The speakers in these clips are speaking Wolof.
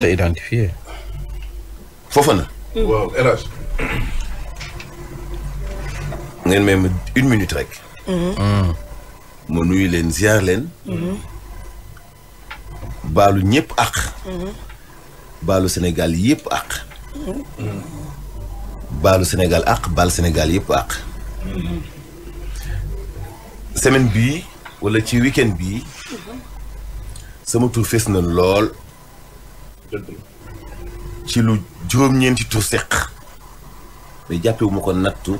te identifié. Fofana. Mm. waaw El Hadj. ngeen ma une minute rek. mu mm. nuy leen ziar leen. Mm-hmm. baalu ñëpp àq. Mm-hmm. baalu Sénégal yëpp àq. Mm-hmm. baalu Sénégal àq baal Sénégal yëpp àq. semaine bii wala ci weekend bii. sama tur fees na lool. ci lu juróom-ñeenti tur seq mais jàppewu ma ko nattu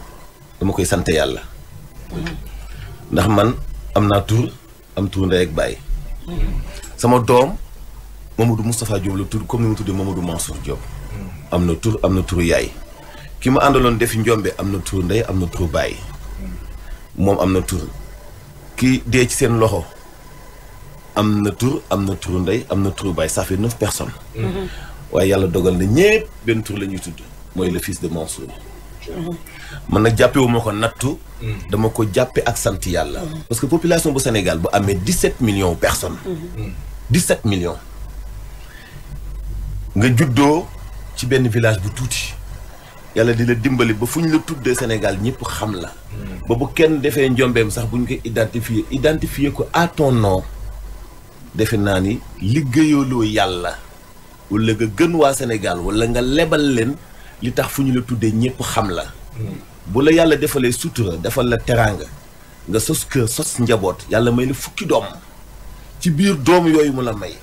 dama koy sante yàlla ndax man am naa tur am tur ndey ak bàyyi sama doom Mamadou Moustapha Diop la tur comme ni mu tuddee Mamadou Mansour Diop am na tur am na turu yaay ma àndaloon defi njombe am na tur ndey am na turu bàyyi moom am na tur ki dee ci seen loxo am na tur am na turu ndey am na turu baay ça fait neuf personnes. Mhm. waaye yàlla dogal na ñépp benn tur la ñuy tudd mooy le fils de Mansour. Mhm. man nag jàppewuma ko nattu. Mhm. dama ko jàppe ak sant yàlla. parce que population bu Sénégal bu amee dix sept millions personnes. dix sept millions. nga juddoo ci benn village bu tuuti. yàlla di la dimbali ba fu ñu la tuddee Sénégal ñëpp xam la. ba bu kenn defee njombeem sax bu ñu ko identifier identifier ko defe naa ni liggéeyaloo yàlla wala nga gën waa Sénégal walla nga lebal leen li tax fu ñu la tuddee ñëpp xam la. bu la yàlla defalee sutura defal la teraanga nga sos kër sos njaboot yàlla may la fukki doom ci biir doom yooyu mu la may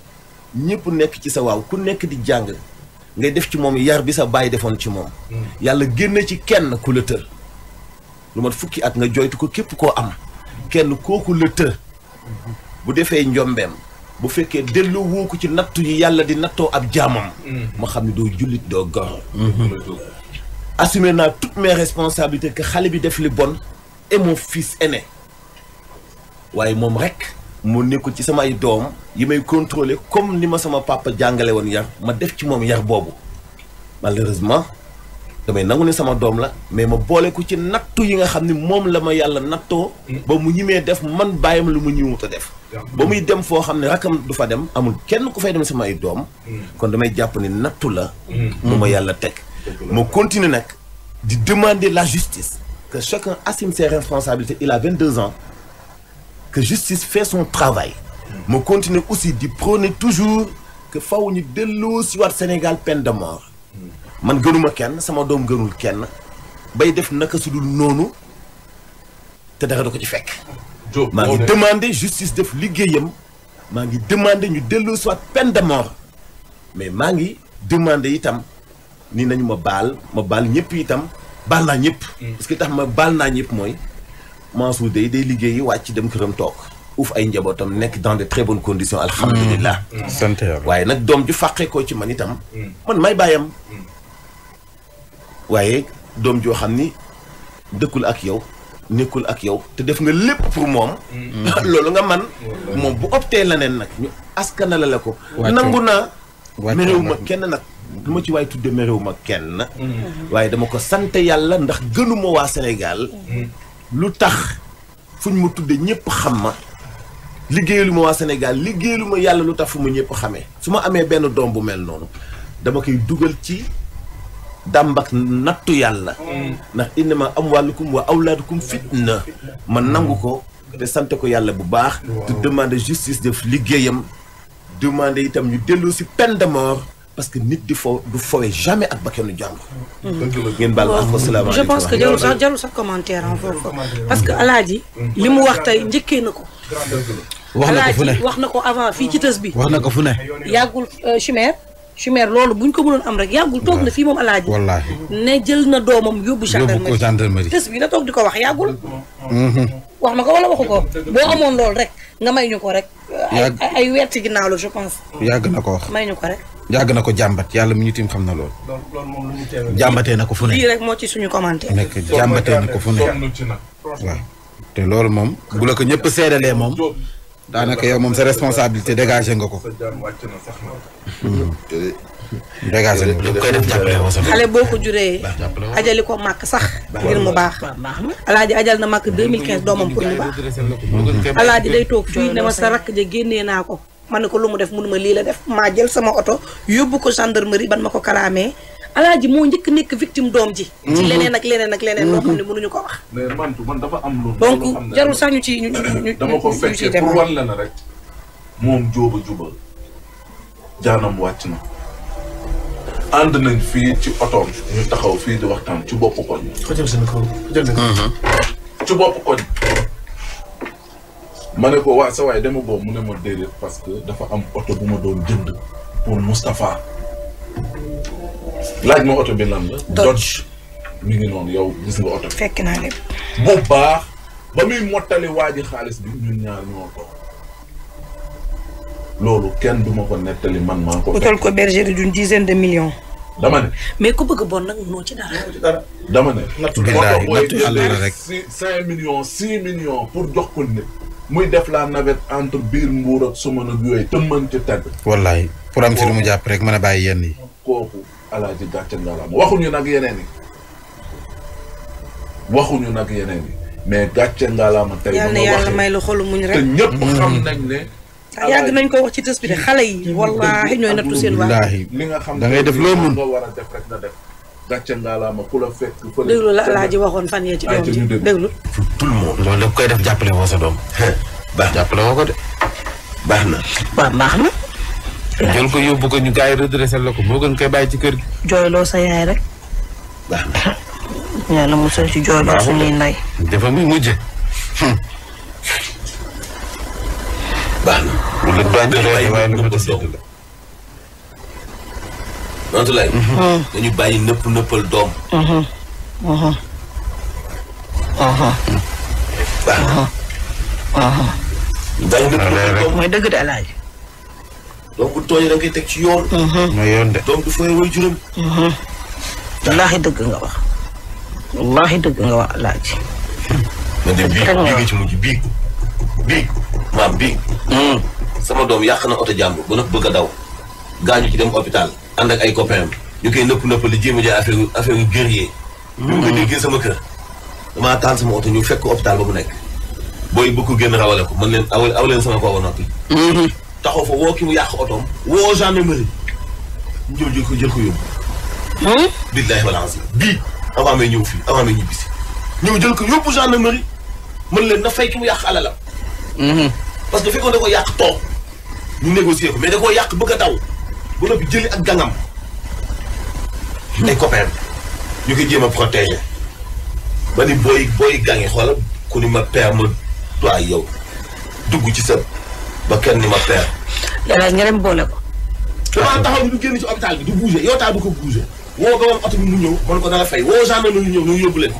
ñëpp nekk ci sa waaw ku nekk di jàng ngay def ci moom yar bi sa baay defoon ci moom. yàlla génne ci kenn ku la tër lu mat fukki at nga jooytu ko képp koo am kenn kooku la tër bu defee njombeem bu fekkee delloo ko ci nattu yi yàlla di nattoo ab jaamam. Mm. ma xam ne doo jullit doo gor. Mm-hmm. assumé naa toutes mes responsabilités que xale bi def li bon et mon fils waaye moom rek mu nekkul ci samay doom yi may contrôler comme ni ma sama papa jàngale woon yar ma def ci moom yar boobu malheureusement damay nangu ne sama doom la mais ma boole ko ci nattu yi nga xam ne moom la ma yàlla nattoo. Mm. ba mu ñimee def man bàyyam lu mu ñëwut a def. ba muy dem foo xam ne rakkam du fa dem amul kenn ku fay dem sama ay doom mm. kon damay jàpp ne nattu la mu mm. ma yàlla teg ma continuer nag di demander la justice que chacun assume ses responsabilités il a deux ans que justice fait son travail ma mm. continuer aussi di prôner toujours que faw ñu delloo si waat Sénégal peine de mort man gënuma kenn sama doom gënul kenn bay def naka su dul noonu te dara du ko ci fekk maa ngi demande justice def liggéeyam maa ngi demandé ñu delloo soit pen de mort mais maa ngi demandé itam ni nañu ma baal ma baal ñëpp itam baal naa ñëpp. Mm. parce que tax ma baal naa ñëpp mooy Mansour de day liggéeyi wàcc dem këram toog. uuf ay njabootam nekk dans de très bonnes conditions. alhamdulilah. Mm. Mm. sant waaye nag doom ju fàqee ko ci man itam. man may baayam waaye doom joo xam ni dëkkul ak yow. nekkul ak yow te def nga lépp pour moom mm-hmm. loolu nga man mm-hmm. moom bu optee leneen nag ñu askanale la ko nangu naa merewu ma kenn nag lu ma ci waaye tudde merewu ma kenn mm-hmm. waaye dama ko sant yàlla ndax gënuma waa Sénégal lu tax fuñ ma tudde ñëpp xam ma liggéeyalu ma waa Sénégal liggéeyalu ma yàlla lu tax fu ma ñëpp xamee su ma amee benn doom bu mel noonu dama koy dugal ci dàmbak nattu yàlla ndax innama amwaalukum wa awlaadukum fitna ma nangu ko te sant ko yàlla bu baax te demander justice def liggéeyam demander itam ñu dellu si peine de mort parce que nit di fo du fowee jamais ak bakkanu jàng ngeen baal ak wasalaamaaleykum je pense que sa sax jarul sax commentaire foofu parce que alaaji li mu wax tey njëkkee na ko wax na ko wax na ko avant fii ci tës bi wax na ko fu ne yàggul euh, chimère chumère loolu buñ ko mënoon am rek yàggul toog na fii moom alaaji ne jël na doomam yóbbu gendarmerie tës bi na toog di ko wax yàggul mhm. wax na ko wala waxu ko boo amoon loolu rek nga may ñu ko rek ay weer ci ginnaaw la je pense yàgg na ko wax may ñu ko rek na ko jàmbat yàlla mi ñu xam na loolu jàmbatee na ko fu ne lii moo ci suñu commenté na ko fu ne waaw te loolu moom bu la ko ñëpp seedalee moom daanaka yow moom sa responsabilité dégagé nga ko. Hmm. dégagé nga ko. xale boo ko juree. ajali ko màkk sax. ngir mu baax. alaaj ajal na màkk 2015 doomam pour mu baax. alaaji day toog fii ne ma sa rakk ja génnee naa ko. ma ne ko lu mu def mënuma lii la def maa jël sama oto yóbbu ko gendarmerie ban ma ko kalaamee. alaaji moo njëkk nekk victime doom ji. ci mhm. leneen ak leneen ak leneen. loo xam ne mënuñu ko wax. mais man man dafa am lu. donc jarul sax ñu ci ñu ñu dama ko fekkee pour wan la na rek. moom jóoba juba jaanam wàcc na. ànd nañ fii ci otoom ñu taxaw fii di waxtaan ci bopp koñ. ko jël seen kaw jël mhm. ci bopp koñ. ma ne ko waa sa waay dama boobu mu ne ma déedéet parce que dafa am oto bu ma doon jënd pour Moustapha. laaj ma oto bi lan la. Dodge mi ngi noonu yow gis nga oto bi. fekk naa lépp. bu baax ba muy mottali waa xaalis bi ñun ñaar ñoo ko. loolu kenn du ma ko nettali man maa ko. utal ko bergerie d'une dizaine de millions. dama ne. mais ku bëgg bon nag mënoo ci dara. dama ne. nattu yàlla pour jox ko nit. def la navette entre biir mbuur ak suma nag yooyu te mën ci teg. wallaay pour am si lu mu jàpp rek mën a bàyyi yenn yi. alaaji gàcce ngaalaama waxuñu nag yeneen yi waxuñu nag yeneen yi mais gàcce ngaalaama tey yal na yàlla may lu xolu muñ rek te ñëpp mm. xam nañ ne ah, yàgg nañ ko wax ci tës bi de xale yi wallaahi ñooy nattu seen waa li nga xam da def loo mun nga war a def rek na def gàcce ngaalaama ku la fekk fële déglu la alaaji waxoon fan yee ci doom ji déglu tout le monde loolu koy def jàppale woo sa doom baax jàppale woo ko de baax na waaw baax na jël ko yóbbu ko ñu gars yi la ko moo gën koy bàyyi ci kër gi. jooyloo sa yaay rek. baax a yàlla musal ci jooyloo suñuy ndey. dafa muy mujj. baax dañu hmm. bàyyi nëpp nëppal doom. mooy dëgg de donc bu tooñee da nga koy teg ci yoon. mooy mhm. yoon de. donc du fay way juróom. Mhm. wallaahi dëgg nga wax. wallaahi dëgg nga wax laaj. dëgg la bii bii nga ci mujj bii bii maam bii. Mhm. sama doom yàq na oto jàmbur ba nag bëgg a daw. gaañu ci dem hôpital ànd ak ay copains ñu koy nëpp nëpp li jéem a jaay affaire affaire yu guerrier. ñu ngi koy déggee sama kër. damaa taal sama oto ñu fekk hôpital ba mu nekk. booy bëgg ko génn rawale ko mën leen aw aw leen sama kaw ba noppi. taxaw fa woo ki mu yàq otoom woo gendarmerie ñu jël jël ko jël ko yóbbu. Hmm? billaahi wal azim bii avant may ñëw fii avant may ñibbi si ñëw jël ko yóbbu gendarmerie mën leen na fay ki mu yàq alalam. Hmm. parce que fekkoon da ko yàq toog ñu négocier ko mais da koo yàq bëgg a daw ba noppi jëli ak gàngam. ay copains ñu koy jéem a protéger. ba ni booy booy gàngi xoolal ku ni ma perme toi yow dugg ci sa. ba kenn ni ma nga boole ko. damaa ci ko bouger. woo ko woon oto bi mu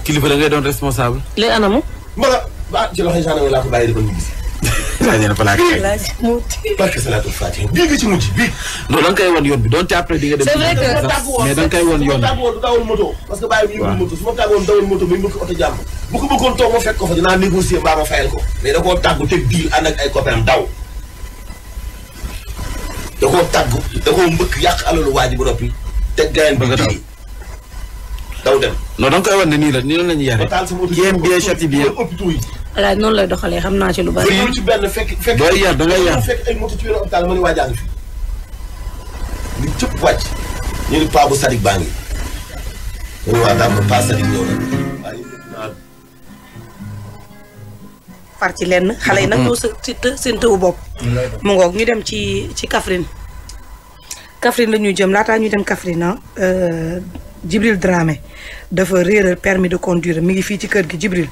ngay doon responsable. léegi anamu. ma la ah ci loxo gendarme laa ko bàyyi di ko ñu gis. daa ñëw balaa kay. barke salaatul bii nga ci mujj bii. non da nga dem. c'est vrai toog ma fekk ko fa dinaa négocier mbaa ma fayal ko mais da tàggu teg diil ànd ak ay copain daw koo tàgg da koo yàq alalu waa ji bu noppi teg gaayen bi daw daw koy wan ne nii la nii la ñu yare yéen bien chati bien alaaj lay doxalee xam naa ci lu bari ci benn fekk fekk booy yar da yar ay moto ci wéru hôpital ma ni waajaa ngi fi li paa bu sadik baa ci lenn xale yi nag ñoo sa seen tëwu bopp mu ngoog ñu dem ci ci Kaffrine Kaffrine la ñuy jëm laata ñuy dem Kaffrine ah euh, Djibril Dramé dafa réeral permis de conduire mi ngi fii ci kër gi Djibril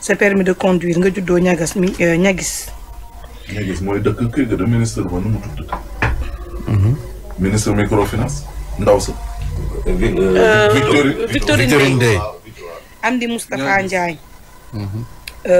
sa permis de conduire nga juddoo ñagas mi ñagis. Euh, ñagis mooy dëkk kër ga de ministre ba nu mu tudd. Mhm. ministre microfinance ndaw sa. Euh, Victorine Victorine Ndeye Andy Moustapha Ndiaye. Mhm.